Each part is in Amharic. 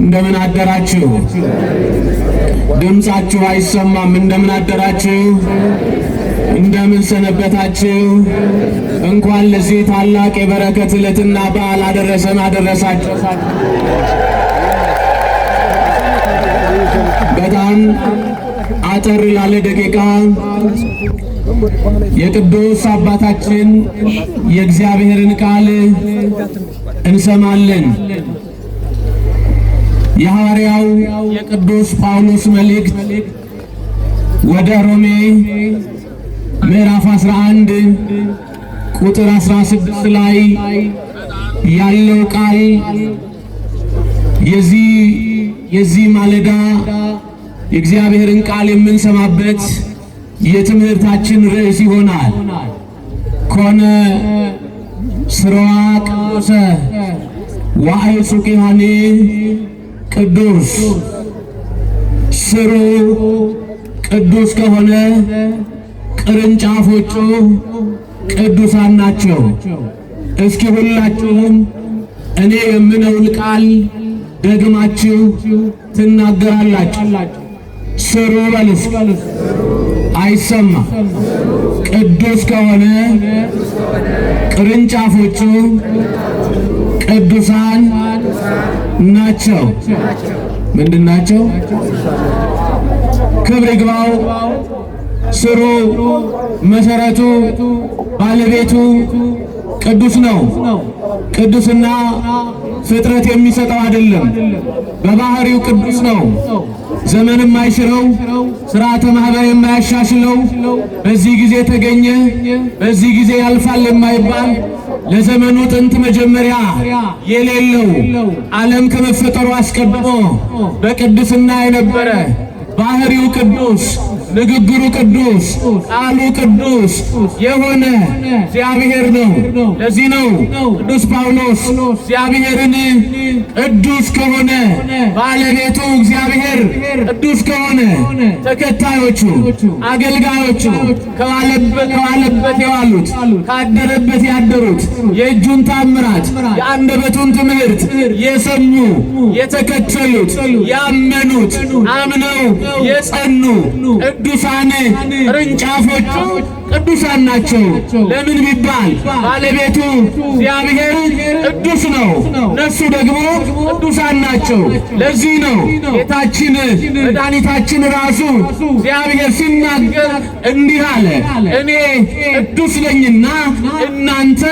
እንደምን አደራችሁ? ድምፃችሁ አይሰማም። እንደምን አደራችሁ? እንደምን ሰነበታችሁ? እንኳን ለዚህ ታላቅ የበረከት ዕለትና በዓል አደረሰን አደረሳችሁ። በጣም አጠር ላለ ደቂቃ የቅዱስ አባታችን የእግዚአብሔርን ቃል እንሰማለን። የሐዋርያው የቅዱስ ጳውሎስ መልእክት ወደ ሮሜ ምዕራፍ 11 ቁጥር 16 ላይ ያለው ቃል የዚህ የዚህ ማለዳ የእግዚአብሔርን ቃል የምንሰማበት የትምህርታችን ርዕስ ይሆናል። ኮነ ስርዋ ቅዱሰ ጹቅ ያኔ ቅዱስ ስሩ ቅዱስ ከሆነ ቅርንጫፎቹ ቅዱሳን ናቸው። እስኪ ሁላችሁም እኔ የምለውን ቃል ደግማችሁ ትናገራላችሁ። ስሩ በልስ አይሰማ ቅዱስ ከሆነ ቅርንጫፎቹ ቅዱሳን ናቸው። ምንድን ናቸው? ክብር ይግባው ስሩ መሰረቱ ባለቤቱ ቅዱስ ነው። ቅዱስና ፍጥረት የሚሰጠው አይደለም። በባህሪው ቅዱስ ነው። ዘመን የማይሽረው ስርዓተ ማህበር የማያሻሽለው በዚህ ጊዜ ተገኘ፣ በዚህ ጊዜ ያልፋል የማይባል ለዘመኑ ጥንት መጀመሪያ የሌለው ዓለም ከመፈጠሩ አስቀድሞ በቅድስና የነበረ ባህሪው ቅዱስ ንግግሩ ቅዱስ፣ ቃሉ ቅዱስ የሆነ እግዚአብሔር ነው። ለዚህ ነው ቅዱስ ጳውሎስ እግዚአብሔርን ቅዱስ ከሆነ ባለቤቱ እግዚአብሔር ቅዱስ ከሆነ ተከታዮቹ አገልጋዮቹ ከዋለበት የዋሉት ካደረበት ያደሩት የእጁን ታምራት የአንደበቱን ትምህርት የሰሙ የተከተሉት ያመኑት አምነው የጸኑ ቅዱሳን ቅርንጫፎቹ ቅዱሳን ናቸው። ለምን ቢባል ባለቤቱ እግዚአብሔር ቅዱስ ነው፣ እነሱ ደግሞ ቅዱሳን ናቸው። ለዚህ ነው ጌታችን መድኃኒታችን ራሱ እግዚአብሔር ሲናገር እንዲህ አለ፣ እኔ ቅዱስ ነኝና እናንተ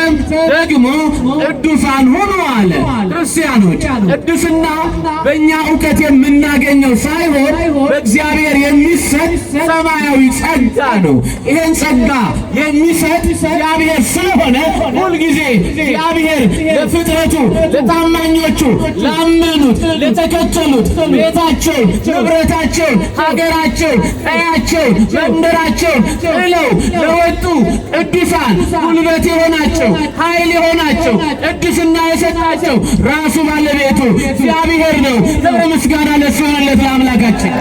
ደግሞ ቅዱሳን ሁኑ አለ። ክርስቲያኖች ቅዱስና በእኛ እውቀት የምናገኘው ሳይሆን በእግዚአብሔር የሚሰጥ ሰማያዊ ጸጋ ነው። ይሄን ጸጋ ጸጋ የሚሰጥ እግዚአብሔር ስለሆነ ሁልጊዜ እግዚአብሔር ለፍጥረቱ ለታማኞቹ፣ ላመኑት፣ ለተከተሉት ቤታቸው፣ ንብረታቸው፣ ሀገራቸው፣ ቀያቸው፣ መንደራቸው ጥለው ለወጡ ቅዱሳን ጉልበት የሆናቸው ኃይል የሆናቸው ቅድስና የሰጣቸው ራሱ ባለቤቱ እግዚአብሔር ነው። ክብር ምስጋና ለሱ ይሁንለት ለአምላካችን።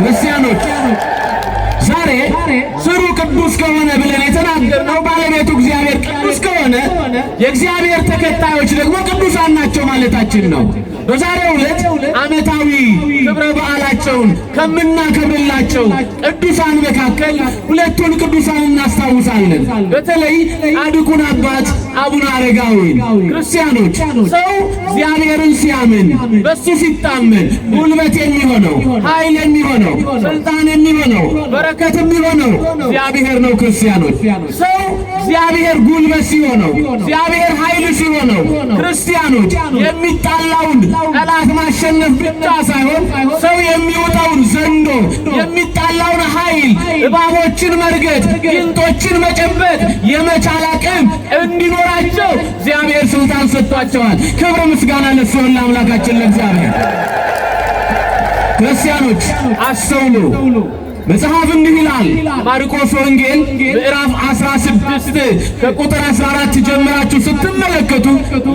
ክርስቲያኖች ዛሬ ስሩ ቅዱስ ከሆነ ብለን የተናገርነው ባለቤቱ እግዚአብሔር ቅዱስ ከሆነ የእግዚአብሔር ተከታዮች ደግሞ ቅዱሳን ናቸው ማለታችን ነው። በዛሬው ዕለት ዓመታዊ ክብረ በዓላቸውን ከምናከብርላቸው ቅዱሳን መካከል ሁለቱን ቅዱሳን እናስታውሳለን። በተለይ አድኩን አባት አቡነ አረጋዊ ክርስቲያኖች፣ ሰው እግዚአብሔርን ሲያምን በሱ ሲታመን ጉልበት የሚሆነው ኃይል የሚሆነው ስልጣን የሚሆነው በረከት የሚሆነው እግዚአብሔር ነው። ክርስቲያኖች፣ ሰው እግዚአብሔር ጉልበት ሲሆነው እግዚአብሔር ኃይል ሲሆነው ክርስቲያኖች፣ የሚጣላውን ጠላት ማሸነፍ ብቻ ሳይሆን ሰው የሚውጠውን ዘንዶ የሚጣላውን ኃይል እባቦችን መርገጥ፣ ጊንጦችን መጨበጥ የመቻል አቅም እንዲኖር እንዲመራቸው እግዚአብሔር ስልጣን ሰጥቷቸዋል። ክብር ምስጋና ለሲሆን ለአምላካችን ለእግዚአብሔር። ክርስቲያኖች አስተውሉ። መጽሐፍ እንዲህ ይላል። ማርቆስ ወንጌል ምዕራፍ 16 ከቁጥር 14 ጀምራችሁ ስትመለከቱ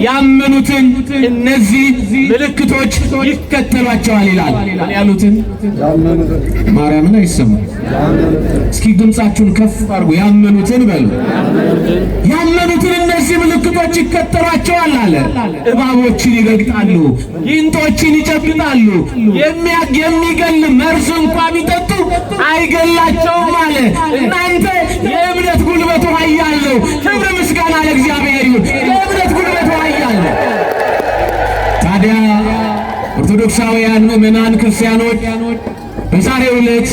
ያመኑትን እነዚህ ምልክቶች ይከተሏቸዋል ይላል። ያሉትን ማርያም ነው እስኪ ድምጻችሁን ከፍ አድርጉ። ያመኑትን በሉ። ያመኑትን እነዚህ ምልክቶች ይከተሏቸዋል አለ። እባቦችን ይረግጣሉ፣ ጊንጦችን ይጨብጣሉ፣ የሚገል መርዝ እንኳን ይጠጡ አይገላቸውም አለ። እናንተ የእምነት ጉልበቱ ኃያል ነው። ክብር ምስጋና ለእግዚአብሔር ይሁን። የእምነት ጉልበቱ ኃያል ነው። ታዲያ ኦርቶዶክሳውያን ምእመናን ክርስቲያኖች በዛሬው ዕለት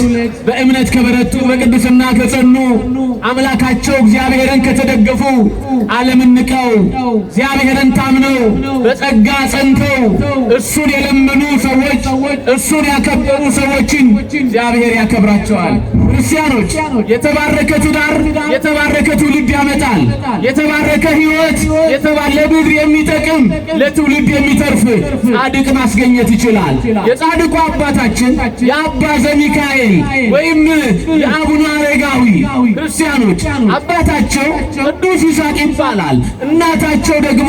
በእምነት ከበረቱ በቅድስና ከጸኑ አምላካቸው እግዚአብሔርን ከተደገፉ ዓለምን ንቀው እግዚአብሔርን ታምነው በጸጋ ጸንተው እሱን የለመኑ ሰዎች እሱን ያከበሩ ሰዎችን እግዚአብሔር ያከብራቸዋል። ክርስቲያኖች የተባረከ ትዳር የተባረከ ትውልድ ያመጣል። የተባረከ ሕይወት ለምድር የሚጠቅም ለትውልድ የሚተርፍ ጻድቅ ማስገኘት ይችላል። የጻድቁ አባታችን የአባ ዘሚካኤል ወይም የአቡነ አረጋዊ ክርስቲያ ያሉት አባታቸው ቅዱስ ይስሐቅ ይባላል። እናታቸው ደግሞ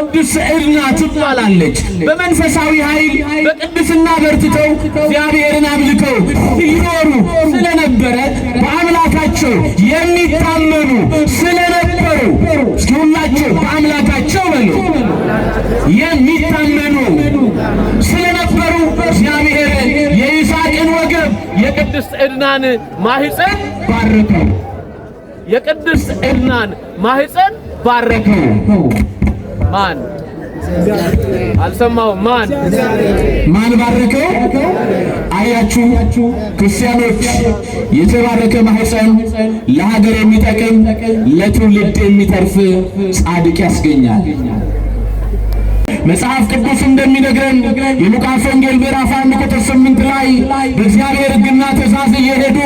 ቅዱስ ዕድና ትባላለች። በመንፈሳዊ ኃይል በቅድስና በርትተው እግዚአብሔርን አምልከው ይኖሩ ስለነበረ በአምላካቸው የሚታመኑ ስለነበሩ ሁላቸው በአምላካቸው በሉ የሚታመኑ ስለነበሩ እግዚአብሔር የይስሐቅን ወገብ የቅድስት ዕድናን ማኅፀን ባረከው። የቅድስት ሐናን ማህፀን ባረከ። ማን አልሰማው? ማን ማን ባረከው? አያችሁ ክርስቲያኖች፣ የተባረከ ማህፀን ለሀገር የሚጠቅም ለትውልድ የሚተርፍ ጻድቅ ያስገኛል። መጽሐፍ ቅዱስ እንደሚነግረን የሉቃስ ወንጌል ምዕራፍ አንድ ቁጥር ስምንት ላይ በእግዚአብሔር ሕግና ትእዛዝ እየሄዱ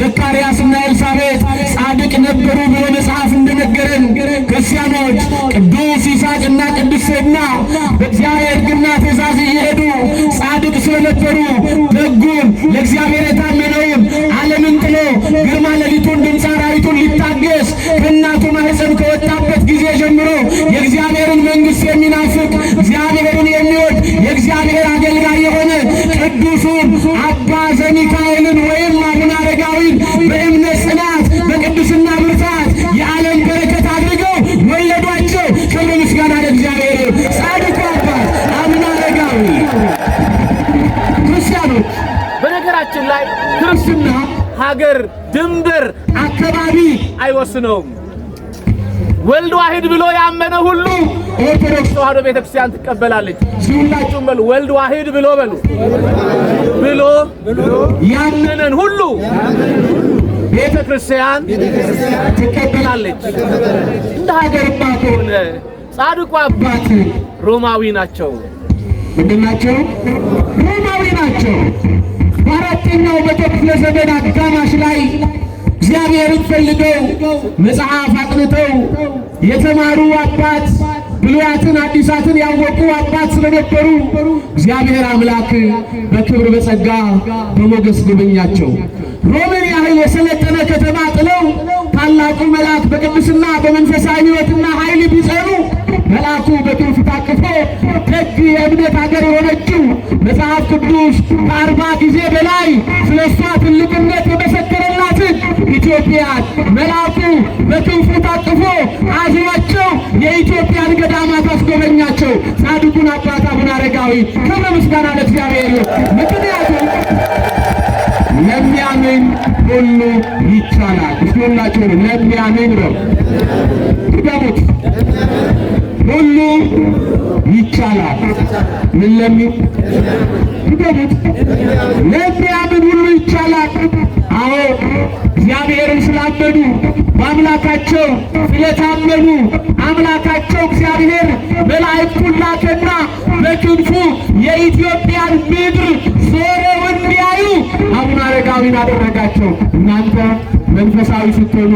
ዘካርያስና ኤልሳቤጥ ጻድቅ ነበሩ ብሎ መጽሐፍ እንደነገረን ክርስቲያኖች ቅዱስ ይስሐቅና ቅዱስ ሴድና በእግዚአብሔር ሕግና ትእዛዝ እየሄዱ ጻድቅ ስለነበሩ ደጉን ለእግዚአብሔር የታ ሀገር፣ ድንበር፣ አካባቢ አይወስነውም። ወልድ ዋሂድ ብሎ ያመነ ሁሉ ኦርቶዶክስ ተዋሕዶ ቤተክርስቲያን ትቀበላለች። ሁላችሁም በሉ ወልድ ዋሂድ ብሎ በሉ ብሎ ያመነን ሁሉ ቤተክርስቲያን ትቀበላለች። እንደ ሀገር ከሆነ ጻድቁ አባት ሮማዊ ናቸው። ምንድን ናቸው? ሮማዊ ናቸው። በአራተኛው መቶ ክፍለ ዘመን አጋማሽ ላይ እግዚአብሔርን ፈልገው መጽሐፍ አጥንተው የተማሩ አባት ብሉያትን አዲሳትን ያወቁ አባት ስለነበሩ እግዚአብሔር አምላክ በክብር በጸጋ በሞገስ ጎበኛቸው። ሮምን ያህል የሰለጠነ ከተማ ጥለው ታላቁ መልአክ በቅድስና በመንፈሳዊ ሕይወትና ኃይል ቢጸኑ መልአኩ በትሩፋት ታቅፎ ከእጅ የእምነት ሀገር የሆነችው መጽሐፍ ቅዱስ ከአርባ ጊዜ በላይ ስለ እሷ ትልቅነት የመሰከረላትን ኢትዮጵያን መልአኩ በትሩፋቱ ታቅፎ አዝሯቸው የኢትዮጵያን ገዳማት አስጎበኛቸው። ጻድቁን አባት አቡነ አረጋዊ ክብረ ምስጋና ለእግዚአብሔር። ምክንያቱም ለሚያምን ሁሉ ይቻላል። እስኪሆናቸው ለሚያምን ነው ትገሙት ሁሉ ይቻላል። ምን ለሚል ይገቡት ለሚያምን ሁሉ ይቻላል። አዎ እግዚአብሔርን ስላመኑ በአምላካቸው ስለታመኑ አምላካቸው እግዚአብሔር መላእክቱን ላከና በክንፉ የኢትዮጵያን ምድር ዞረው እንዲያዩ አቡነ አረጋዊን አደረጋቸው። እናንተ መንፈሳዊ ስትሆኑ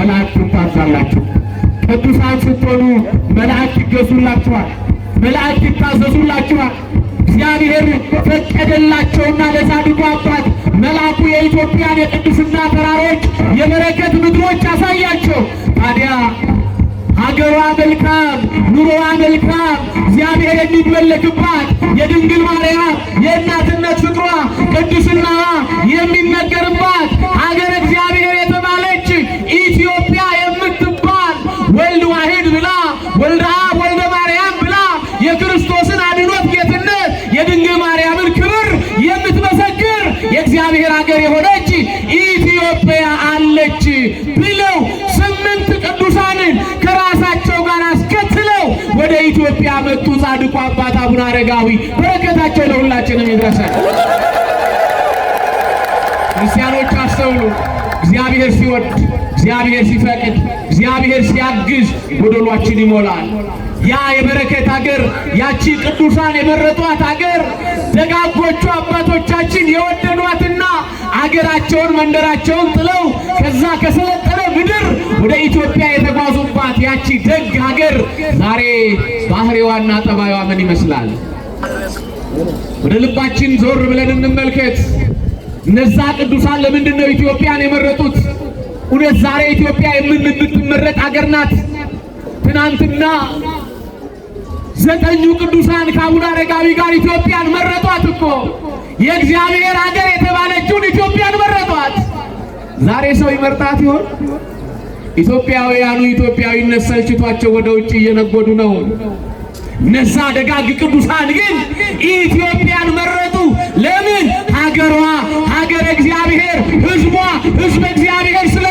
መላእክቱን ታዛላችሁ። ቅዱሳን ስትሆኑ መላእክት ይገዙላችኋል፣ መላእክት ይታዘዙላችኋል። እግዚአብሔር ፈቀደላቸውና ለጻድቁ አባት መልአኩ የኢትዮጵያን የቅድስና ተራሮች የበረከት ምድሮች አሳያቸው። ታዲያ ሀገሯ መልካም፣ ኑሮዋ መልካም፣ እግዚአብሔር የሚመለክባት የድንግል ማርያም የእናትነት ፍቅሯ ቅድስናዋ የሚነገርባት ሀገር እግዚአብሔር ሀገር የሆነች ኢትዮጵያ አለች ብለው ስምንት ቅዱሳንን ከራሳቸው ጋር አስከትለው ወደ ኢትዮጵያ መጡ። ጻድቁ አባት አቡነ አረጋዊ በረከታቸው ለሁላችንም ይድረሳል። ክርስቲያኖች አስተውሉ። እግዚአብሔር ሲወድ እግዚአብሔር ሲፈቅድ፣ እግዚአብሔር ሲያግዝ ጎደሏችን ይሞላል። ያ የበረከት አገር፣ ያቺ ቅዱሳን የመረጧት አገር ደጋጎቹ አባቶቻችን የወደዷትና አገራቸውን መንደራቸውን ጥለው ከዛ ከሰለጠነ ምድር ወደ ኢትዮጵያ የተጓዙባት ያቺ ደግ ሀገር ዛሬ ባህሪዋና ጠባዩዋ ምን ይመስላል? ወደ ልባችን ዞር ብለን እንመልከት። እነዛ ቅዱሳን ለምንድን ነው ኢትዮጵያን የመረጡት? እውነት ዛሬ ኢትዮጵያ የምትመረጥ አገር ናት። ትናንትና ዘጠኙ ቅዱሳን ከአቡነ አረጋዊ ጋር ኢትዮጵያን መረጧት እኮ የእግዚአብሔር አገር የተባለችውን ኢትዮጵያን መረጧት። ዛሬ ሰው ይመርጣት ይሆን? ኢትዮጵያውያኑ ኢትዮጵያዊነት ሰልችቷቸው ወደ ውጭ እየነጎዱ ነው። እነዛ ደጋግ ቅዱሳን ግን ኢትዮጵያን መረጡ። ለምን? ሀገሯ ሀገር እግዚአብሔር፣ ህዝቧ ህዝብ እግዚአብሔር ስለ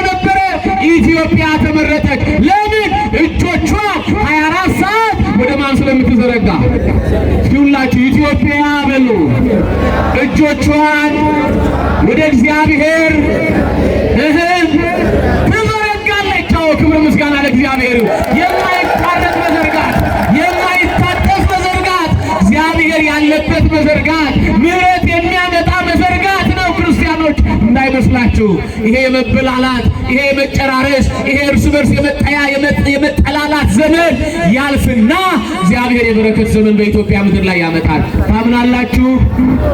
ኢትዮጵያ ተመረጠች። ለምን? እጆቿ 24 ሰዓት ወደ ማን ስለምትዘረጋ። ሁላችሁ ኢትዮጵያ በሉ። እጆቿን ወደ እግዚአብሔር እህል ትዘረጋለች። ክብር ምስጋና ለእግዚአብሔር። መዘርጋት፣ የማይታጠፍ መዘርጋት፣ እግዚአብሔር ያለበት መዘርጋት፣ ምሕረት የሚያመጣ መዘርጋት ሰዎች እንዳይመስላችሁ። ይሄ የመበላላት፣ ይሄ የመጨራረስ፣ ይሄ እርስ በርስ የመጠያ የመጠላላት ዘመን ያልፍና እግዚአብሔር የበረከት ዘመን በኢትዮጵያ ምድር ላይ ያመጣል። ታምናላችሁ?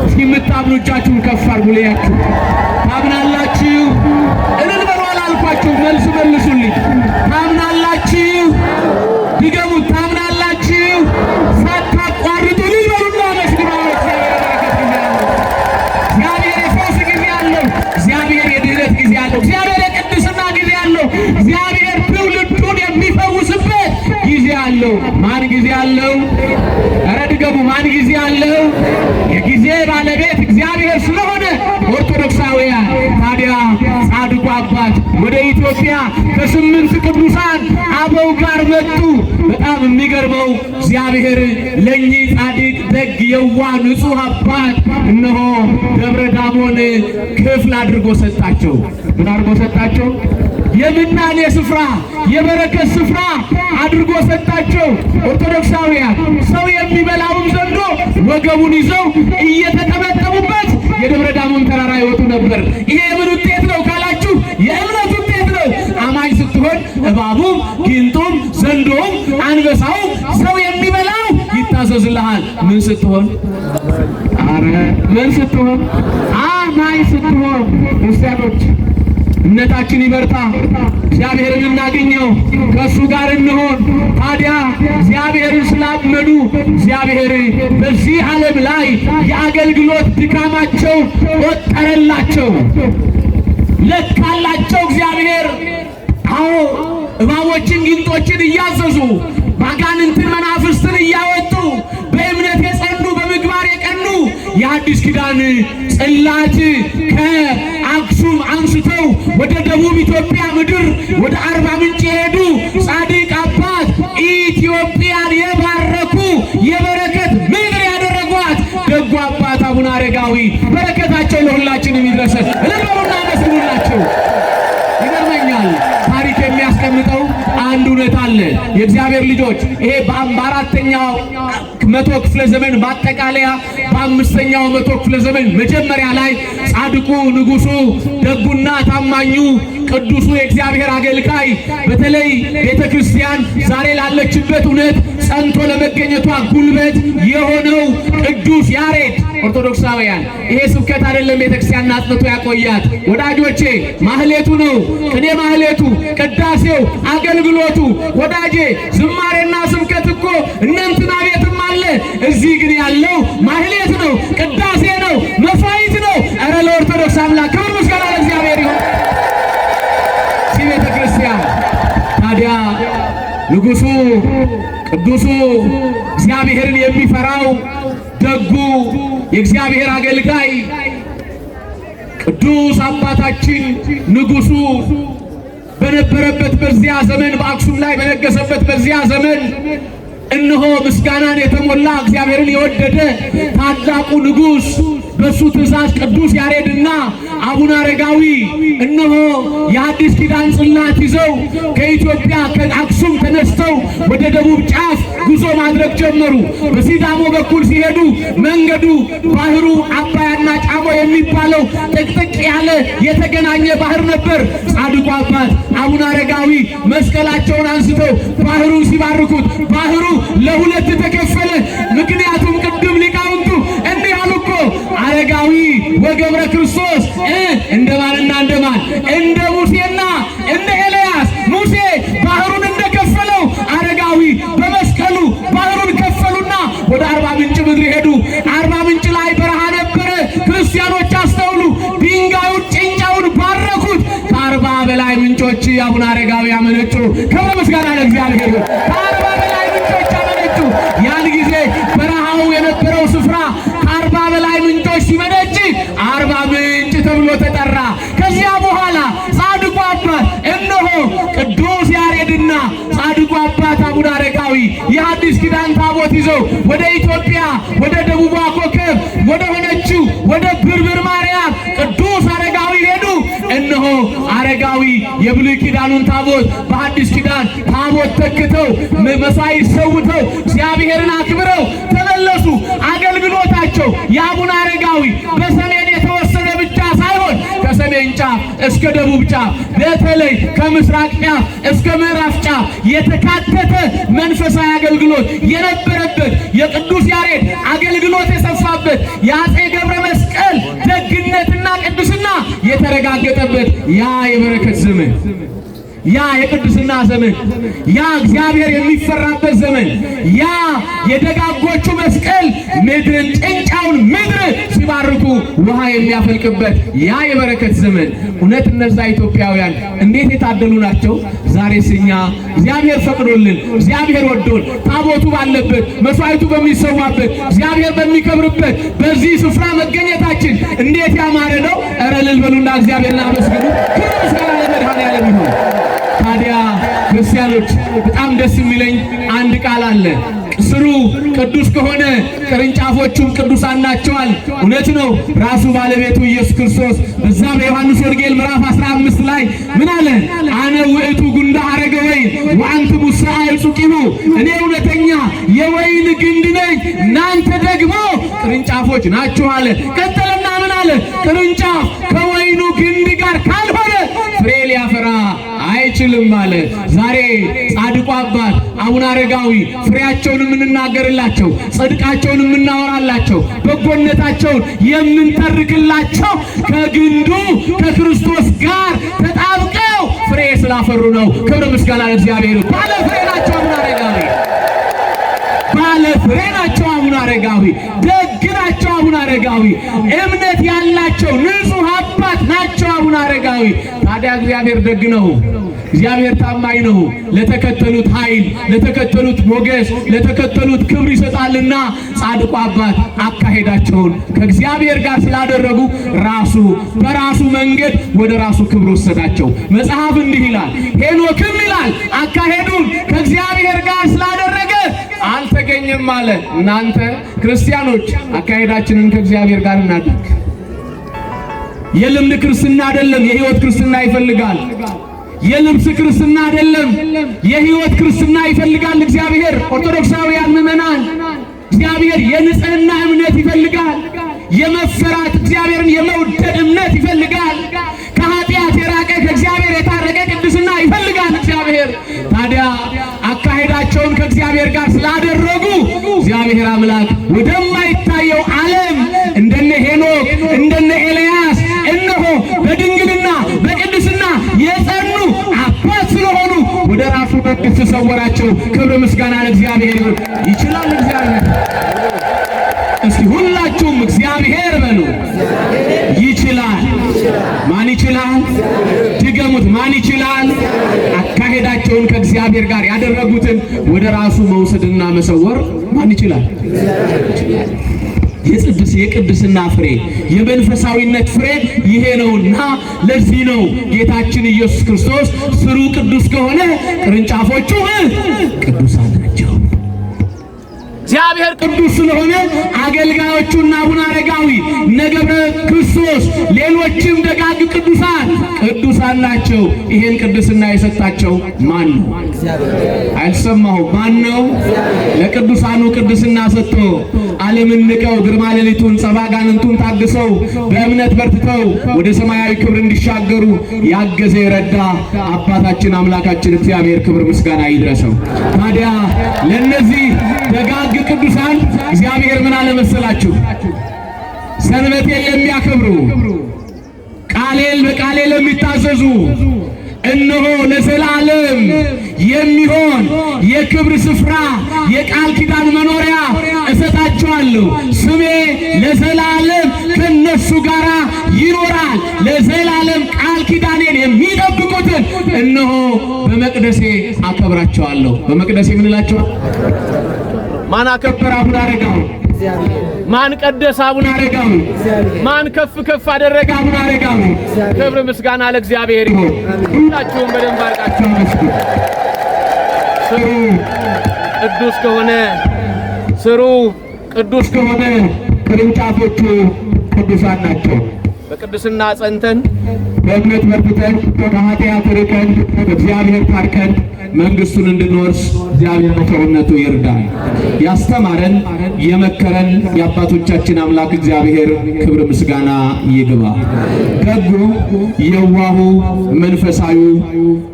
እስኪ የምታምኑ እጃችሁን ከፍ አድርጉ። ልያችሁ ታምናላችሁ? እልል በሉ። አላልኳችሁ? መልሱ መልሱልኝ። ጊዜ አለው። ኧረ ድገሙ፣ ማን ጊዜ አለው? የጊዜ ባለቤት እግዚአብሔር ስለሆነ ኦርቶዶክሳውያን። ታዲያ ጻድቁ አባት ወደ ኢትዮጵያ ከስምንት ቅዱሳን አበው ጋር መጡ። በጣም የሚገርመው እግዚአብሔር ለእኚህ ጻድቅ ደግ፣ የዋ ንጹሕ አባት እነሆ ደብረ ዳሞን ክፍል አድርጎ ሰጣቸው። ምን አድርጎ ሰጣቸው? የምናሌ ስፍራ የበረከት ስፍራ አድርጎ ሰጣቸው። ኦርቶዶክሳውያን ሰው የሚበላውም ዘንዶ ወገቡን ይዘው እየተጠበጠቡበት የደብረ ዳሞን ተራራ ይወጡ ነበር። ይሄ የምን ውጤት ነው ካላችሁ የእምነት ውጤት ነው። አማኝ ስትሆን እባቡም፣ ጊንጡም፣ ዘንዶውም፣ አንበሳውም ሰው የሚበላው ይታዘዝልሃል። ምን ስትሆን ምን ስትሆን አማኝ ስትሆን ክርስቲያኖች እምነታችን ይበርታ፣ እግዚአብሔርን እናገኘው፣ ከእሱ ጋር እንሆን። ታዲያ እግዚአብሔርን ስላመዱ እግዚአብሔር በዚህ ዓለም ላይ የአገልግሎት ድካማቸው ወጠረላቸው ለካላቸው። እግዚአብሔር አዎ እባቦችን ጊንጦችን እያዘዙ ባጋንንትን መናፍስትን እያወጡ በእምነት የጸኑ በምግባር የቀኑ የአዲስ ኪዳን ጽላት ከአክሱም ወደ ደቡብ ኢትዮጵያ ምድር ወደ አርባ ምንጭ የሄዱ ጻድቅ አባት ኢትዮጵያን የባረኩ የበረከት ምድር ያደረጓት ደጉ አባት አቡነ አረጋዊ በረከታቸው ለሁላችን የሚደርሰን ለበሩና መስሉላቸው ይገርመኛል። ታሪክ የሚያስቀምጠው አንድ እውነት አለ። የእግዚአብሔር ልጆች ይሄ በአራተኛው መቶ ክፍለ ዘመን ማጠቃለያ በአምስተኛው መቶ ክፍለ ዘመን መጀመሪያ ላይ ጻድቁ ንጉሱ ደጉና ታማኙ ቅዱሱ የእግዚአብሔር አገልጋይ በተለይ ቤተ ክርስቲያን ዛሬ ላለችበት እውነት ጸንቶ ለመገኘቷ ጉልበት የሆነው ቅዱስ ያሬድ ኦርቶዶክሳውያን ይሄ ስብከት አይደለም። ቤተክርስቲያን አጽንቶ ያቆያት ወዳጆቼ፣ ማህሌቱ ነው። ቅኔ ማህሌቱ፣ ቅዳሴው፣ አገልግሎቱ ወዳጄ፣ ዝማሬና ስብከት እኮ እነንትና ቤተ አለ። እዚህ ግን ያለው ማህሌት ነው፣ ቅዳሴ ነው፣ መሥዋዕት ነው። እረ ለኦርቶዶክስ አምላክ ክብር ምስጋና ለእግዚአብሔር ይሁን። እዚህ ቤተ ክርስቲያን ታዲያ ንጉሱ ቅዱሱ እግዚአብሔርን የሚፈራው ደጉ የእግዚአብሔር አገልጋይ ቅዱስ አባታችን ንጉሱ በነበረበት በዚያ ዘመን በአክሱም ላይ በነገሰበት በዚያ ዘመን እነሆ ምስጋናን የተሞላ እግዚአብሔርን የወደደ ታላቁ ንጉሥ በእሱ ትእዛዝ ቅዱስ ያሬድና አቡነ አረጋዊ እነሆ የአዲስ ኪዳን ጽላት ይዘው ከኢትዮጵያ ከአክሱም ተነስተው ወደ ደቡብ ጫፍ ጉዞ ማድረግ ጀመሩ። በሲዳሞ በኩል ሲሄዱ መንገዱ ባህሩ አባያና ጫሞ የሚባለው ጥቅጥቅ ያለ የተገናኘ ባህር ነበር። ጻድቁ አባት አቡነ አረጋዊ መስቀላቸውን አንስተው ባህሩን ሲባርኩት ባህሩ ለሁለት ተከፈለ። ምክንያቱም አረጋዊ ወገብረ ክርስቶስ እንደ ባልና እንደ እንደ ሙሴና የአዲስ ኪዳን ታቦት ይዘው ወደ ኢትዮጵያ ወደ ደቡቧ ኮከብ ወደ ሆነችው ወደ ብርብር ማርያም ቅዱስ አረጋዊ ሄዱ። እነሆ አረጋዊ የብሉይ ኪዳኑን ታቦት በአዲስ ኪዳን ታቦት ተክተው መሳይ ሰውተው እግዚአብሔርን አክብረው ተመለሱ። አገልግሎታቸው የአቡነ አረጋዊ በሰሜን ሰሜን ጫፍ እስከ ደቡብ ጫፍ በተለይ ከምስራቅ ጫፍ እስከ ምዕራፍ ጫፍ የተካተተ መንፈሳዊ አገልግሎት የነበረበት የቅዱስ ያሬድ አገልግሎት የሰፋበት የአፄ ገብረ መስቀል ደግነትና ቅዱስና የተረጋገጠበት ያ የበረከት ዘመን ያ የቅድስና ዘመን፣ ያ እግዚአብሔር የሚፈራበት ዘመን፣ ያ የደጋጎቹ መስቀል ምድርን ጭንጫውን ምድር ሲባርኩ ውሃ የሚያፈልቅበት ያ የበረከት ዘመን እውነት እነዛ ኢትዮጵያውያን እንዴት የታደሉ ናቸው። ዛሬ እኛ እግዚአብሔር ፈቅዶልን እግዚአብሔር ወዶን ታቦቱ ባለበት መስዋዕቱ በሚሰዋበት እግዚአብሔር በሚከብርበት በዚህ ስፍራ መገኘታችን እንዴት ያማረ ነው። ኧረ እልል በሉና እግዚአብሔርን አመስግኑ። ክብር ምስጋና ለመድኃኔዓለም ይሁን። ክርስቲያኖች በጣም ደስ የሚለኝ አንድ ቃል አለ። ስሩ ቅዱስ ከሆነ ቅርንጫፎቹም ቅዱሳን ናቸዋል። እውነት ነው። ራሱ ባለቤቱ ኢየሱስ ክርስቶስ በዛ በዮሐንስ ወንጌል ምዕራፍ 15 ላይ ምን አለ? አነ ውእቱ ጉንዳ አረገ ወይ ወአንትሙ ሰዓል ሱቂሙ፣ እኔ እውነተኛ የወይን ግንድ ነኝ፣ እናንተ ደግሞ ቅርንጫፎች ናችኋለ ቀጠለና ምን አለ? ቅርንጫፍ አይችልም አለ። ዛሬ ጻድቁ አባት አቡነ አረጋዊ ፍሬያቸውን የምንናገርላቸው፣ ጽድቃቸውን የምናወራላቸው፣ በጎነታቸውን የምንተርክላቸው ከግንዱ ከክርስቶስ ጋር ተጣብቀው ፍሬ ስላፈሩ ነው። ክብር ምስጋና ለእግዚአብሔር። ባለ ፍሬ ናቸው አቡነ አረጋዊ፣ ባለ ፍሬ ናቸው አቡነ አረጋዊ፣ ደግ ናቸው አቡነ አረጋዊ፣ እምነት ያላቸው ንጹሕ አባት ናቸው አቡነ አረጋዊ። ታዲያ እግዚአብሔር ደግ ነው። እግዚአብሔር ታማኝ ነው። ለተከተሉት ኃይል፣ ለተከተሉት ሞገስ፣ ለተከተሉት ክብር ይሰጣልና ጻድቁ አባት አካሄዳቸውን ከእግዚአብሔር ጋር ስላደረጉ ራሱ በራሱ መንገድ ወደ ራሱ ክብር ወሰዳቸው። መጽሐፍ እንዲህ ይላል፣ ሄኖክም ይላል አካሄዱን ከእግዚአብሔር ጋር ስላደረገ አልተገኘም አለ። እናንተ ክርስቲያኖች አካሄዳችንን ከእግዚአብሔር ጋር እናድርግ። የልምድ ክርስትና አይደለም፣ የህይወት ክርስትና ይፈልጋል። የልብስ ክርስትና አይደለም፣ የህይወት ክርስትና ይፈልጋል እግዚአብሔር። ኦርቶዶክሳውያን ምዕመናን እግዚአብሔር የንጽህና እምነት ይፈልጋል። የመፈራት እግዚአብሔርን የመውደድ እምነት ይፈልጋል። ከኃጢአት የራቀ ከእግዚአብሔር የታረቀ ቅድስና ይፈልጋል እግዚአብሔር። ታዲያ አካሄዳቸውን ከእግዚአብሔር ጋር ስላደረጉ እግዚአብሔር አምላክ ወደማይታየው ዓለም እንደነ ሄኖክ እንደነ ኤልያስ በጉት ሰወራቸው። ክብር ምስጋና ለእግዚአብሔር ይሁን። ይችላል እግዚአብሔር። እስቲ ሁላችሁም እግዚአብሔር በሉ። ይችላል። ማን ይችላል? ድገሙት። ማን ይችላል? አካሄዳቸውን ከእግዚአብሔር ጋር ያደረጉትን ወደ ራሱ መውሰድና መሰወር ማን ይችላል? የቅድስና ፍሬ የመንፈሳዊነት ፍሬ ይሄ ነውና ለዚህ ነው ጌታችን ኢየሱስ ክርስቶስ ስሩ ቅዱስ ከሆነ ቅርንጫፎቹ ቅዱሳን ናቸው። እግዚአብሔር ቅዱስ ስለሆነ አገልጋዮቹና አቡነ አረጋዊ ነገብረ ክርስቶስ ሌሎችም ደጋግ ቅዱሳን ቅዱሳን ናቸው። ይሄን ቅዱስና የሰጣቸው ማን ነው? አልሰማሁም። ማን ነው? ለቅዱሳኑ ቅዱስና ሰጥቶ ዓለምን ንቀው ግርማ ሌሊቱን ጸባ ጋንንቱን ታግሰው በእምነት በርትተው ወደ ሰማያዊ ክብር እንዲሻገሩ ያገዘ የረዳ አባታችን አምላካችን እግዚአብሔር ክብር ምስጋና ይድረሰው። ታዲያ ለነዚህ ደጋግ ደግ ቅዱሳን እግዚአብሔር ምን አለ መሰላችሁ? ሰንበቴን ለሚያከብሩ ቃሌን በቃሌ ለሚታዘዙ እነሆ ለዘላለም የሚሆን የክብር ስፍራ የቃል ኪዳን መኖሪያ እሰጣቸዋለሁ። ስሜ ለዘላለም ከነሱ ጋር ይኖራል። ለዘላለም ቃል ኪዳኔን የሚጠብቁትን እነሆ በመቅደሴ አከብራቸዋለሁ። በመቅደሴ ምን ማን አከበረ አቡነ አረጋዊ? ማን ቀደሰ አቡነ አረጋዊ? ማን ከፍ ከፍ አደረገ አቡነ አረጋዊ? ክብር ምስጋና ለእግዚአብሔር ይሁን። ሁላችሁም በደንብ አርቃችሁ መስኩ። ስሩ ቅዱስ ከሆነ ስሩ ቅዱስ ከሆነ ቅርንጫፎቹ ቅዱሳን ናቸው። በቅድስና ጸንተን በእምነት በርትተን ከኃጢአት ርቀን እግዚአብሔር ታርከን መንግስቱን እንድንወርስ እግዚአብሔር በቸርነቱ ይርዳል። ያስተማረን የመከረን የአባቶቻችን አምላክ እግዚአብሔር ክብር ምስጋና ይግባ። ደጉ የዋሁ መንፈሳዊ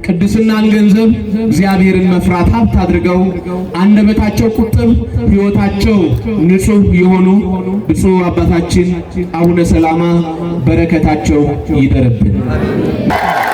ቅድስናን ገንዘብ እግዚአብሔርን መፍራት ሀብት አድርገው አንደበታቸው ቁጥብ ሕይወታቸው ንጹሕ የሆኑ ብፁዕ አባታችን አቡነ ሰላማ በረከታቸው ይደርብን።